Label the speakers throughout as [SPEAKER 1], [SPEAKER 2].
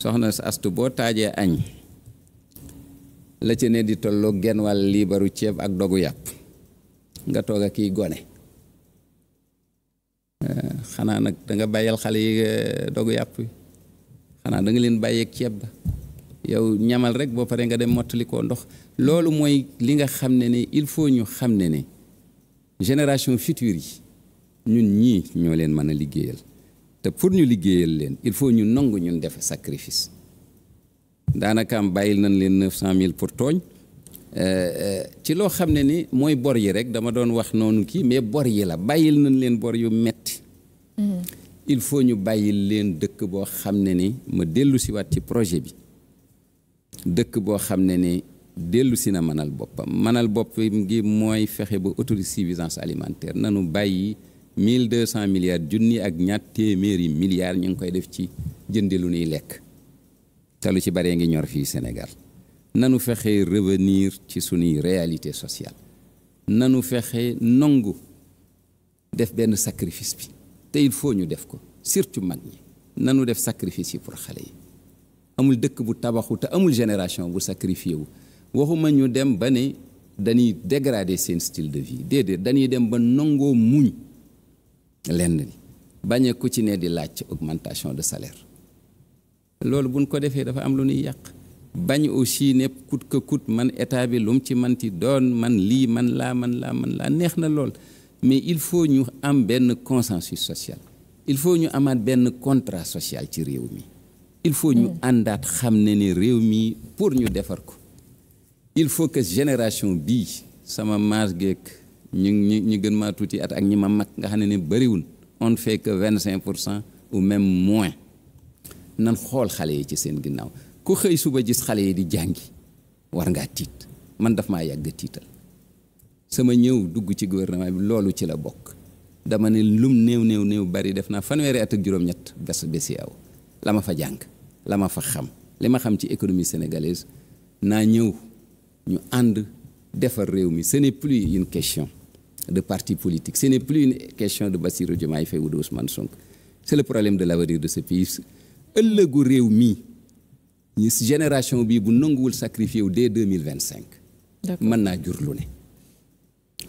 [SPEAKER 1] soxna astu boo taajee añ la ca ne di tolloo genn wàll liibaru ceeb ak dogu yàpp nga toog a kii gone eh, xanaa nag danga bàyyal xale yi eh, dogu yàpp xanaa danga leen bàyyeeg ceeb ba yow ñamal rek boo paree nga dem mottali koo ndox loolu mooy li nga xam ne ne il faut ñu xam ne ne génération future yi ñun ñii ñoo leen mën a liggéeyal te pour ñu liggéeyal leen il faut ñu nangu ñun def sacrifice daanaka am bàyyil nañ leen neuf cent mille pour tooñ euh, euh, ci loo xam ne ni mooy bor yi rek dama doon wax noonu kii mais bor yi la bàyyil nañ leen bor yu metti mm-hmm. il faut ñu bàyyil leen dëkk boo xam ne ni ma dellu siwaat ci projet bi dëkk boo xam ne ni dellu si na mënal boppam mënal boppam gi mooy fexe ba autosuffisance alimentaire nanu bàyyi mille deux cent milliards junni ak ñaat téeméeri milliards ñu ngi koy def ci jëndi lu nuy lekk te ci baree ngi ñor fii Sénégal nanu fexe revenir ci suñuy réalité sociale nanu fexe nongu def benn sacrifice bi te il faut ñu def ko surtout mag ñi nanu def sacrifice yi pour xale yi amul dëkk bu tabaxu te amul génération bu sacrifié wu waxuma ñu dem ba ne dañuy dégrader seen style de vie déedéet dañuy dem ba nangoo muñ lenn li bañ a ku ci ne di laaj augmentation de salaire loolu buñ ko defee dafa am lu ñuy yàq bañ aussi ne kut que kut man état bi lu ci man ti doon man lii man laa man laa man laa neex na lool mais il faut ñu am benn consensus social il faut ñu amaat benn contrat social ci réew mi il faut ñu hmm. àndaat xam ne ni réew mi pour ñu defar ko il faut que génération bii sama maas geek ñu ñi ñi gën maa tuuti at ak ñi ma mag nga xam ne ne bëriwul on ne fait que vingt cinq pour cent ou même moins nan xool xale yi ci seen ginnaaw ku xëy suba gis xale yi di jàngi war ngaa tiit man daf maa yàgg tiital sama ñëw dugg ci gouvernement bi loolu ci la bokk dama ne lum néew néew néew bari def naa fanweeri at ak juróom-ñett bés bési aw la ma fa jàng la ma fa xam li ma xam ci économie sénégalaise naa ñëw ñu ànd defar réew mi ce n'est plus une question de parti politiques. Ce n'est plus une question de Bassirou Diomaye Faye ou de Ousmane Sonko. C'est le problème de l'avenir de ce pays ëllëgu réew mi ñu génération bii bu nanguwul sacrifié wu dès deux mille vingt cinq. mën naa jur lu ne.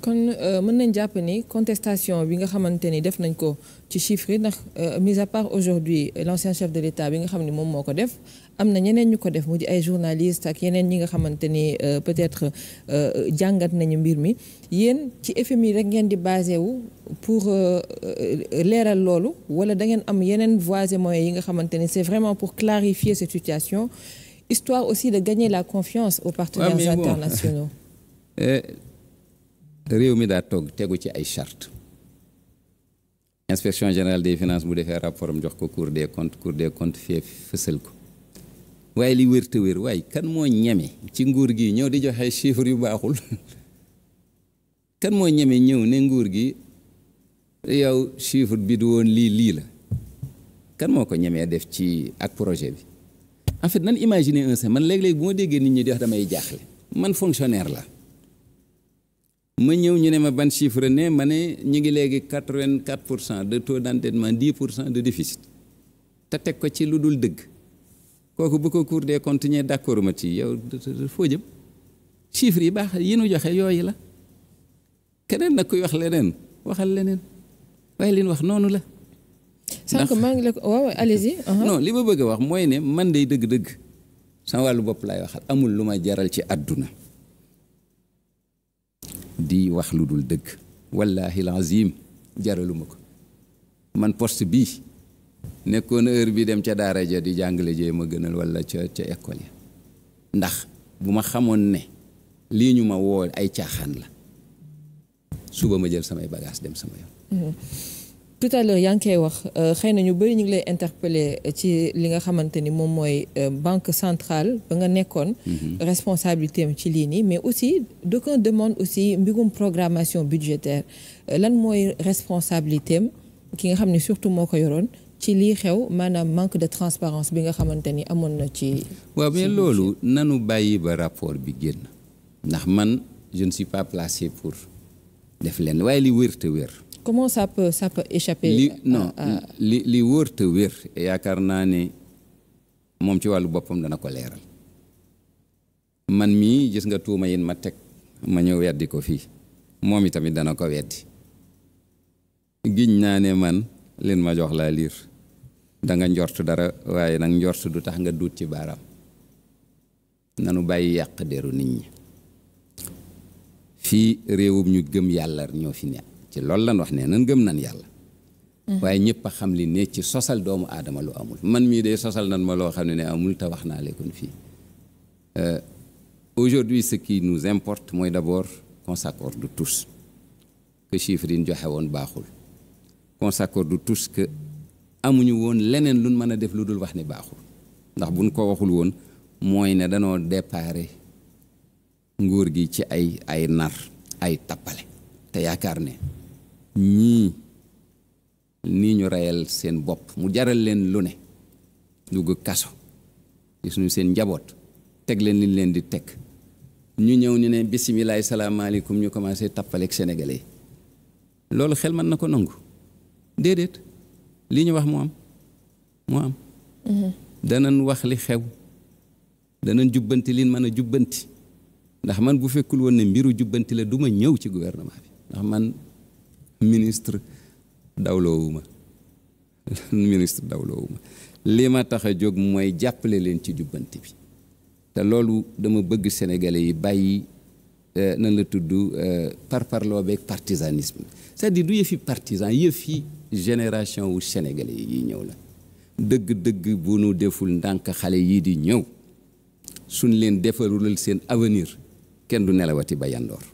[SPEAKER 2] kon euh, mën nañ jàpp ni contestation bi nga xamante ni def nañ ko ci chiffre yi ndax euh, mise à part aujourd'hui euh, l'ancien chef de l'État bi nga xam ni moom moo ko def am na ñeneen ñu ko def mu di ay journaliste ak yeneen ñi nga xamante ni peut-être jàngat nañu mbir mi yéen ci FMI rek ngeen di basé wu pour leeral loolu wala da ngeen am yeneen voies et yi nga xamante ni c'est vraiment pour clarifier cette situation histoire aussi de gagner la confiance aux partenaires ouais, bon. internationaux
[SPEAKER 1] réew mi daa toog tegu ci ay charte inspection générale des finance bu defee rapport am jox ko cour des comptes cour des comptes fee fësal ko waaye li wér te wér waaye kan moo ñeme ci nguur gi ñëw di joxe chiffres yu baaxul kan moo ñeme ñëw ne nguur gi yow chiffre bi du woon lii lii la kan moo ko ñemee def ci ak projet bi en fait nan imaginer un man léeg-léeg bu ma déggee nit ñi di wax damay jaaxle man fonctionnaire la ma ñëw ñu ne ma ban chiffre ne ma ne ñu ngi léegi quatre vingt quatre pour cent de taux d' endettement dix pour cent de déficit te teg ko ci lu dul dëgg kooku bu ko Cour des comptes d' accord ma ci yow foo jëm chiffre yi baax yi nu joxe yooyu la keneen nag kuy wax leneen
[SPEAKER 2] waxal leneen waaye li nu wax noonu la. sànq maa ngi la ko waaw allez-y uh-huh. non
[SPEAKER 1] li ma bëgg a wax mooy ne man day dëgg-dëgg sama wàllu bopp laay waxal amul lu ma jaral ci àdduna. di wax lu dul dëgg wallahi lazim jaraluma ko man poste bii nekkoon heure bi dem ca daara ja di jàngale jee ma gënal wala ca ca école ya ndax bu ma xamoon ne lii ñu ma woo ay caaxaan la suba ma jël samay bagage dem sama yoon
[SPEAKER 2] mm-hmm. tout à l'heure yaa ngi koy wax euh, xëy na ñu bëri ñu ngi lay interpeller euh, ci li nga xamante ni moom mooy euh, banque centrale ba nga nekkoon mhm. responsabilité am ci lii nii mais aussi d'aucuns demande aussi mbirum programmation budgétaire lan mooy responsabilité ki nga xam ne surtout moo ko yoroon ci lii xew maanaam manque de transparence bi nga xamante ni amoon na ci
[SPEAKER 1] waaw mais loolu nanu bàyyi ba rapport bi génn ndax man je ne suis pas placé pour def leen waaye li
[SPEAKER 2] comment ça peut ça
[SPEAKER 1] li non wér yaakaar naa ne moom ci wàllu boppam dana ko leeral. man mii gis nga tuuma yéen ma teg ma ñëw weddi ko fii moom itamit dana ko weddi. giñ naa ne man leen ma jox laa liir danga nga njort dara waaye nag njort du tax nga duut ci baaraam. nanu bàyyi yàq deru nit ñi. fii réewum ñu gëm yàlla ñoo fi nekk. ci loolu lan wax ne nan gëm nan yàlla waaye ñëpp a xam li ne ci sosal doomu aadama lu amul man mii de sosal nan ma loo xam ne ne amul te wax naa lekkoon fii euh, aujourd'hui ce qui nous importe mooy d'abord qu'on s'accorde de tous que chiffres yi joxe woon baaxul qu'on s'accorde de tous amuñu woon leneen luñ mën a def lu dul wax ni baaxul ndax buñ ko waxul woon mooy ne danoo déparé nguur gi ci ay ay nar ay tappale te yaakaar ne ñii nii ñu reyal seen bopp mu jaral leen lu ne dugg kaso gis ñu seen njaboot teg leen liñ leen di teg ñu ñëw ñu ne bisimilaay salaamaaleykum ñu commencé tappaleeg sénégalais yi loolu xel mën na ko nangu déedéet li ñu wax mu am mu am mm-hmm. danañ wax li xew danañ jubbanti liñ mën a jubbanti ndax man bu fekkul woon ne mbiru jubbanti la duma ñëw ci gouvernement bi ndax man ministre dawloowuma ministre dawloowuma li ma tax a jóg mooy jàppale leen ci jubbanti bi te loolu dama bëgg sénégalais yi bàyyi euh, nan la tudd euh, par parloo beeg partisanisme c'est-à-dire du yëfi partisan yëfi génération wu sénégalais yi ñëw la dëgg-dëgg bu nu deful ndànk xale yii di ñëw suñ leen defarulal seen avenir kenn du nelawati ba yandoor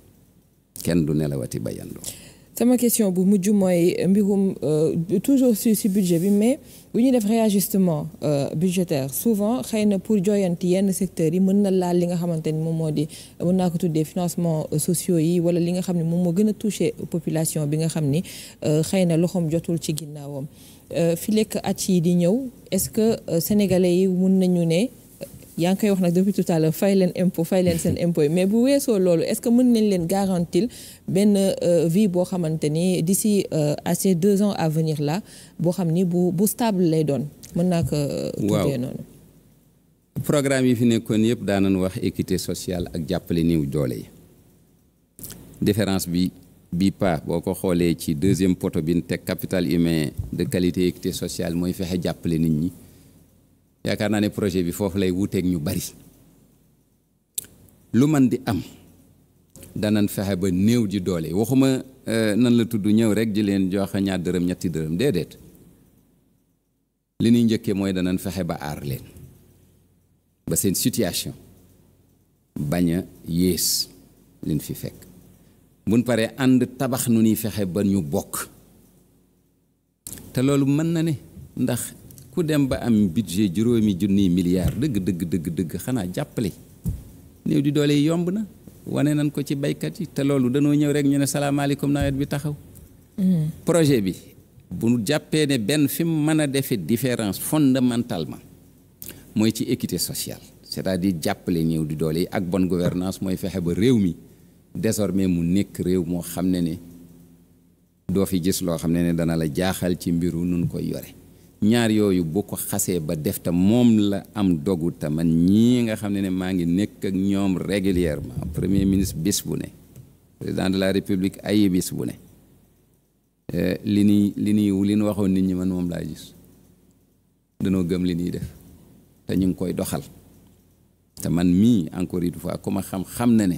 [SPEAKER 1] kenn du nelawati ba yandoor
[SPEAKER 2] sama question bu mujj mooy euh, mbirum euh, toujours si si budget bi mais bu ñuy def réajustement euh, budgétaire souvent xëy na pour jooyanti yenn secteurs yi mën na laal li nga xamante ni moom moo di mën naa ko tuddee financement sociaux yi wala li nga xam ne moom moo gën a touché population bi nga xam ni xëy na loxoom jotul ci ginnaawam fi lekk at yi di ñëw est-ce que sénégalais yi mën nañu ne. yaa ngi koy wax nag depuis tout à l'heure fay leen impôt fay leen seen impôt yi mais bu weesoo loolu est-ce que mën nañ leen garantir benn euh, vie boo xamante ni di si euh, ces deux ans à venir là boo xam ni bu bu stable lay doon mën naa ko euh, tuddee noonu
[SPEAKER 1] programme yi fi nekkoon yëpp daanañ wax équité sociale ak jàppale néew doole yi différence bi bi pa boo ko xoolee ci deuxième poto bi ñu teg capital humain de qualité équité sociale mooy fexe jàppale nit ñi yaakaar naa ne projet bi foofu lay wuteek ñu bari lu man di am danan fexe ba néew ji doole waxuma euh, nan la tudd ñëw rek ji leen jox ñaar dërëm ñetti dërëm déedéet li ñuy njëkkee mooy danan fexe ba aar leen ba seen situation bañ a yées liñ fi fekk buñ pare ànd tabax nu nuy fexe ba ñu bokk te loolu mën na ne ndax ku dem ba am budget juróomi junniy milliards dëgg dëgg dëgg dëgg xanaa jàppale néew di doole yi yomb na wane nañ ko ci baykat yi te loolu danoo ñëw rek ñu ne salaamaaleykum nawet bi taxaw. Mm-hmm. projet bi bu jàppee ne benn fi mu mën a defee différence fondamentalement mooy ci équité sociale c'est-à-dire jàppale néew di doole yi ak bon gouvernance mooy fexe ba réew mi désormais mu nekk réew moo xam ne ni doo fi gis loo xam ne ne dana la jaaxal ci mbiru nun ko yore. ñaar yooyu bu ko xasee ba def te moom la am dogu te man ñii nga xam ne ne maa ngi nekk ak ñoom régulièrement premier ministre bis bu ne président de la république ay bis bu ne euh, li ni li niy li waxoon nit ñi man moom laa gis danoo gëm li ñuy def te ñu ngi koy doxal te man mii encore une fois ku ma xam xam na ne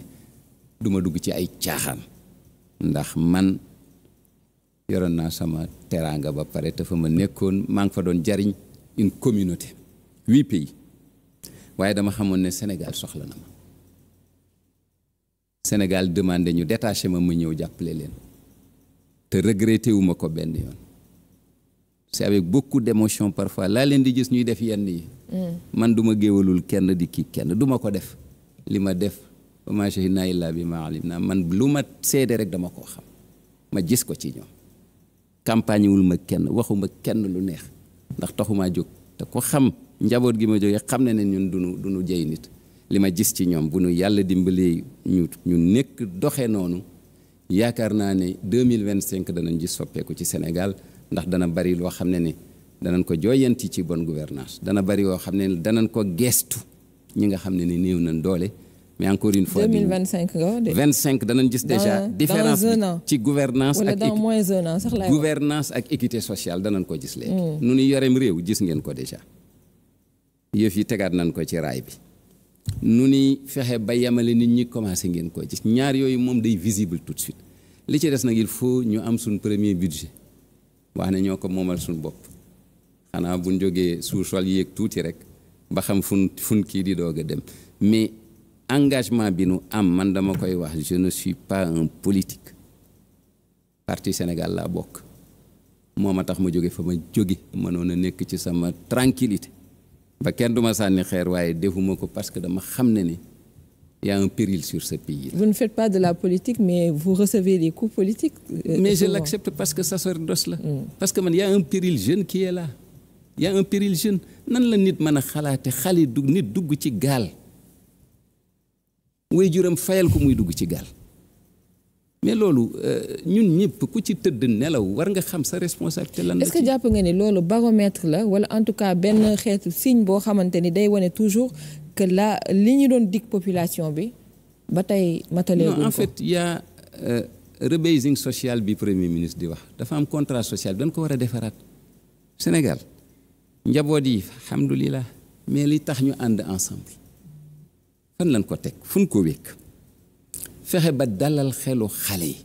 [SPEAKER 1] duma dugg ci ay caaxaan ndax man yoroon naa sama teraanga ba pare te fa ma nekkoon maa ngi fa doon jariñ une communauté huit pays waaye dama xamoon ne Sénégal soxla na ma Sénégal demandé ñu détaché ma ma ñëw jàppale leen te regretté wu ko benn yoon c'est avec beaucoup d'émotion parfois laa leen di gis ñuy def yenn yi. Mm. man du ma kenn di kii kenn du ko def. li ma def wa maa shahidnaa lu ma seede rek dama koo xam ma gis ko ci ñoom. campagne wul ma kenn waxuma kenn lu neex ndax taxumaa jóg te ko xam njaboot gi ma jóge xam ne ne ñun duñu duñu jëy nit li ma gis ci ñoom bu nu yàlla dimbalee ñu ñu nekk doxe noonu yaakaar naa ne 2025 danañ gis soppeeku ci Sénégal ndax dana bari loo xam ne ni danañ ko jooyanti ci bonne gouvernance dana bari yoo xam ne danañ ko geestu ñi nga xam ne ni néew nañ doole mais encore une fois
[SPEAKER 2] 2025
[SPEAKER 1] 25 danañ gis déjà différence ci gouvernance
[SPEAKER 2] ak
[SPEAKER 1] gouvernance ak équité sociale danañ ko gis léegi mm. nu ñu yorem réew gis ngeen ko déjà yëf yi tegaat nañ ko ci raay bi nu ni fexe ba yemale nit ñi commencé ngeen ko gis ñaar yooyu moom day visible tout de suite li ci des nag il faut ñu am suñ premier budget wax ne ñoo ko moomal suñ bopp xanaa buñ jógee suusol yéeg tuuti rek ba xam fun fun kii di doog a dem mais engagement bi nu am man dama koy wax je ne suis pas un politique parti Sénégal laa bokk moo ma tax ma jóge fa ma jóge mënoon a nekk ci sama tranquillité ba kenn du ma sànni xeer waaye defuma ko parce que dama xam ne ni y a un péril sur ce pays là.
[SPEAKER 2] vous ne faites la politique mais vous recevez des coups politiques. Euh, mais souvent. je l'accepte
[SPEAKER 1] parce que sacerdoce la. Hmm. parce que man y a un péril jeune qui est là. y a un péril jeune nan la nit mën a xalaate xale du nit dugg ci gaal. waajuram fayal ko muy dugg ci gaal mais loolu euh, ñun ñëpp ku ci tëdd nelaw war nga xam sa responsabilité lan la. est-ce que jàpp
[SPEAKER 2] nga ni loolu baromètre la wala en tout cas benn xeetu signe boo xamante ni day wane toujours que la li ñu doon dig population bi ba tey matalee. non en fait
[SPEAKER 1] y a euh, rebasing social bi premier ministre di wax dafa am contrat social dañ ko war a defaraat Sénégal njaboot yi alhamdulilah mais li tax ñu ànd ensemble. fan lañ ko teg fun ko wékk fexe ba dalal xelu xale yi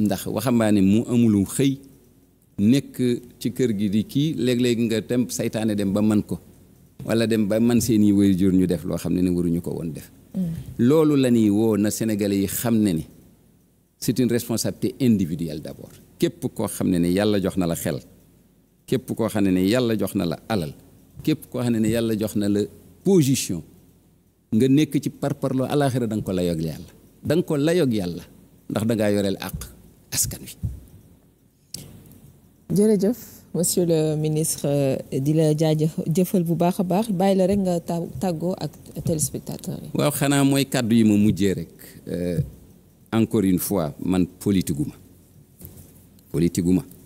[SPEAKER 1] ndax waxambaane mu amulu xëy nekk ci kër gi di kii léeg léegi nga tem saytaane dem ba man ko wala dem ba man seeni waajur ñu def loo xam ne ne waruñu ko woon def mm. loolu la ñuy woo yi xam ne ni c'est une responsabilité individuelle d'abord képp koo xam ne ne yàlla jox na la xel képp koo xam ne ne yàlla jox na la alal képp koo xam ne ne yàlla jox na la position nga nekk ci parparloo alaaxira da nga ko layoog yàlla danga nga ko layoog yàlla ndax da ngaa yoreel àq askan wi.
[SPEAKER 2] jërëjëf. monsieur le ministre euh, di la jëfal bu baax a baax bàyyi la rek nga tàggoo ak téléspectateur yi.
[SPEAKER 1] waaw xanaa mooy kàddu yi ma mujjee rek euh, encore une fois man politiguma politiguma